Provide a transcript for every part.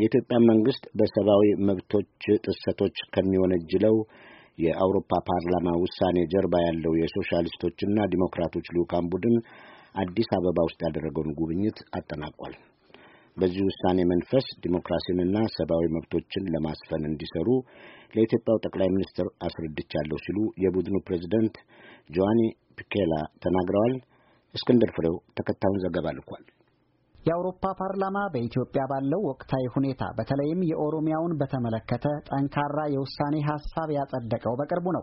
የኢትዮጵያ መንግስት በሰብአዊ መብቶች ጥሰቶች ከሚወነጅለው የአውሮፓ ፓርላማ ውሳኔ ጀርባ ያለው የሶሻሊስቶችና ዲሞክራቶች ልዑካን ቡድን አዲስ አበባ ውስጥ ያደረገውን ጉብኝት አጠናቋል። በዚህ ውሳኔ መንፈስ ዲሞክራሲንና ሰብአዊ መብቶችን ለማስፈን እንዲሰሩ ለኢትዮጵያው ጠቅላይ ሚኒስትር አስረድቻለሁ ሲሉ የቡድኑ ፕሬዚደንት ጆዋኒ ፒኬላ ተናግረዋል። እስክንድር ፍሬው ተከታዩን ዘገባ ልኳል። የአውሮፓ ፓርላማ በኢትዮጵያ ባለው ወቅታዊ ሁኔታ በተለይም የኦሮሚያውን በተመለከተ ጠንካራ የውሳኔ ሀሳብ ያጸደቀው በቅርቡ ነው።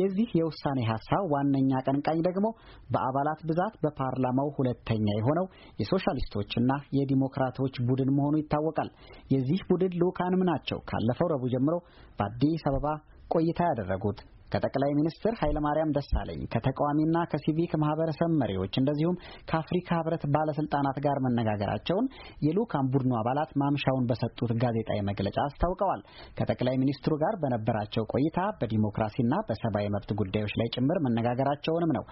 የዚህ የውሳኔ ሀሳብ ዋነኛ ቀንቃኝ ደግሞ በአባላት ብዛት በፓርላማው ሁለተኛ የሆነው የሶሻሊስቶችና የዲሞክራቶች ቡድን መሆኑ ይታወቃል። የዚህ ቡድን ልዑካንም ናቸው ካለፈው ረቡዕ ጀምሮ በአዲስ አበባ ቆይታ ያደረጉት ከጠቅላይ ሚኒስትር ኃይለማርያም ደሳለኝ ከተቃዋሚና ከሲቪክ ማህበረሰብ መሪዎች እንደዚሁም ከአፍሪካ ህብረት ባለስልጣናት ጋር መነጋገራቸውን የልዑካን ቡድኑ አባላት ማምሻውን በሰጡት ጋዜጣዊ መግለጫ አስታውቀዋል። ከጠቅላይ ሚኒስትሩ ጋር በነበራቸው ቆይታ በዲሞክራሲና በሰብአዊ መብት ጉዳዮች ላይ ጭምር መነጋገራቸውንም ነው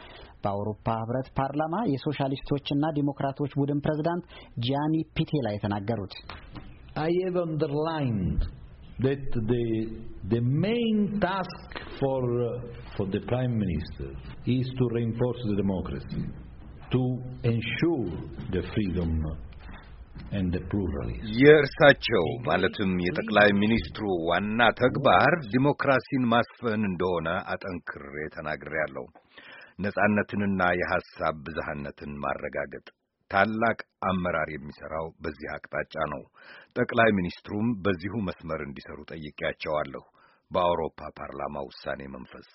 በአውሮፓ ህብረት ፓርላማ የሶሻሊስቶችና ዲሞክራቶች ቡድን ፕሬዝዳንት ጂያኒ ፒቴላ የተናገሩት። I have underlined that the the main task for uh, for the prime minister is to reinforce the democracy, to ensure the freedom የእርሳቸው ማለትም የጠቅላይ ሚኒስትሩ ዋና ተግባር ዲሞክራሲን ማስፈን እንደሆነ አጠንክሬ ተናግሬያለሁ። ነጻነትንና የሐሳብ ብዝሃነትን ማረጋገጥ ታላቅ አመራር የሚሰራው በዚህ አቅጣጫ ነው። ጠቅላይ ሚኒስትሩም በዚሁ መስመር እንዲሰሩ ጠይቄያቸዋለሁ። በአውሮፓ ፓርላማ ውሳኔ መንፈስ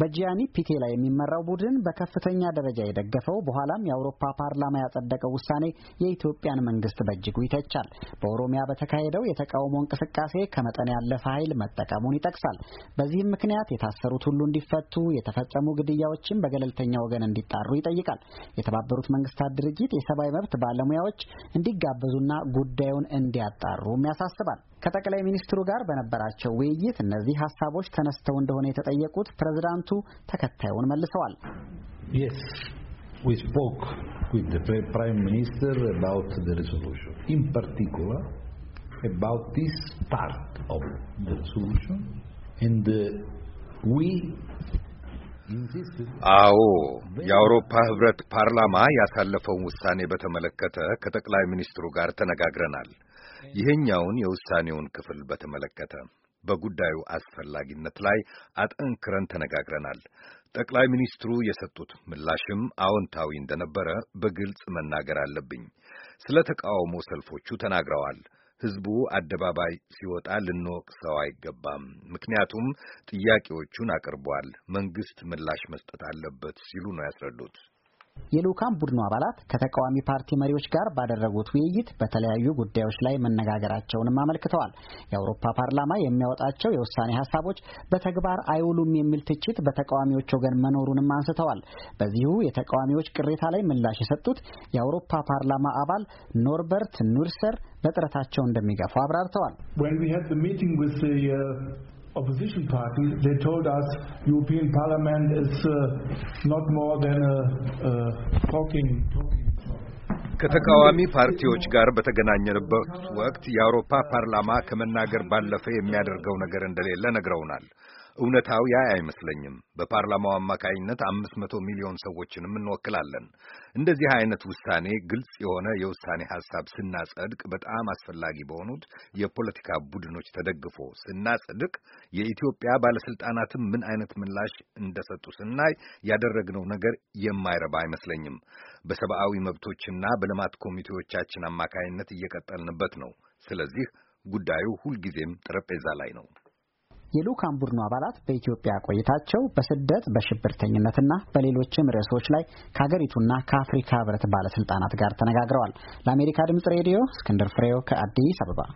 በጂያኒ ፒቴላ የሚመራው ቡድን በከፍተኛ ደረጃ የደገፈው በኋላም የአውሮፓ ፓርላማ ያጸደቀው ውሳኔ የኢትዮጵያን መንግስት በእጅጉ ይተቻል። በኦሮሚያ በተካሄደው የተቃውሞ እንቅስቃሴ ከመጠን ያለፈ ኃይል መጠቀሙን ይጠቅሳል። በዚህም ምክንያት የታሰሩት ሁሉ እንዲፈቱ፣ የተፈጸሙ ግድያዎችን በገለልተኛ ወገን እንዲጣሩ ይጠይቃል። የተባበሩት መንግስታት ድርጅት የሰብአዊ መብት ባለሙያዎች እንዲጋበዙና ጉዳዩን እንዲያጣሩም ያሳስባል። Yes, we spoke with the Prime Minister about the resolution. In particular, about this part of the resolution. And uh, we አዎ የአውሮፓ ህብረት ፓርላማ ያሳለፈውን ውሳኔ በተመለከተ ከጠቅላይ ሚኒስትሩ ጋር ተነጋግረናል። ይህኛውን የውሳኔውን ክፍል በተመለከተ በጉዳዩ አስፈላጊነት ላይ አጠንክረን ተነጋግረናል። ጠቅላይ ሚኒስትሩ የሰጡት ምላሽም አዎንታዊ እንደነበረ በግልጽ መናገር አለብኝ። ስለ ተቃውሞ ሰልፎቹ ተናግረዋል። ህዝቡ አደባባይ ሲወጣ ሰው አይገባም፣ ምክንያቱም ጥያቄዎቹን አቅርቧል፣ መንግስት ምላሽ መስጠት አለበት ሲሉ ነው ያስረዱት። የልዑካን ቡድኑ አባላት ከተቃዋሚ ፓርቲ መሪዎች ጋር ባደረጉት ውይይት በተለያዩ ጉዳዮች ላይ መነጋገራቸውንም አመልክተዋል። የአውሮፓ ፓርላማ የሚያወጣቸው የውሳኔ ሀሳቦች በተግባር አይውሉም የሚል ትችት በተቃዋሚዎች ወገን መኖሩንም አንስተዋል። በዚሁ የተቃዋሚዎች ቅሬታ ላይ ምላሽ የሰጡት የአውሮፓ ፓርላማ አባል ኖርበርት ኑርሰር በጥረታቸው እንደሚገፉ አብራርተዋል። opposition parties, they told us European Parliament is uh, not more than a a talking. ከተቃዋሚ ፓርቲዎች ጋር በተገናኘንበት ወቅት የአውሮፓ ፓርላማ ከመናገር ባለፈ የሚያደርገው ነገር እንደሌለ ነግረውናል። እውነታው ያ አይመስለኝም። በፓርላማው አማካኝነት አምስት መቶ ሚሊዮን ሰዎችንም እንወክላለን። እንደዚህ አይነት ውሳኔ ግልጽ የሆነ የውሳኔ ሐሳብ ስናጸድቅ በጣም አስፈላጊ በሆኑት የፖለቲካ ቡድኖች ተደግፎ ስናጸድቅ የኢትዮጵያ ባለስልጣናትም ምን አይነት ምላሽ እንደሰጡ ስናይ ያደረግነው ነገር የማይረባ አይመስለኝም። በሰብአዊ መብቶችና በልማት ኮሚቴዎቻችን አማካኝነት እየቀጠልንበት ነው። ስለዚህ ጉዳዩ ሁልጊዜም ጠረጴዛ ላይ ነው። የልዑካን ቡድኑ አባላት በኢትዮጵያ ቆይታቸው በስደት በሽብርተኝነትና በሌሎችም ርዕሶች ላይ ከሀገሪቱና ከአፍሪካ ህብረት ባለስልጣናት ጋር ተነጋግረዋል። ለአሜሪካ ድምጽ ሬዲዮ እስክንድር ፍሬው ከአዲስ አበባ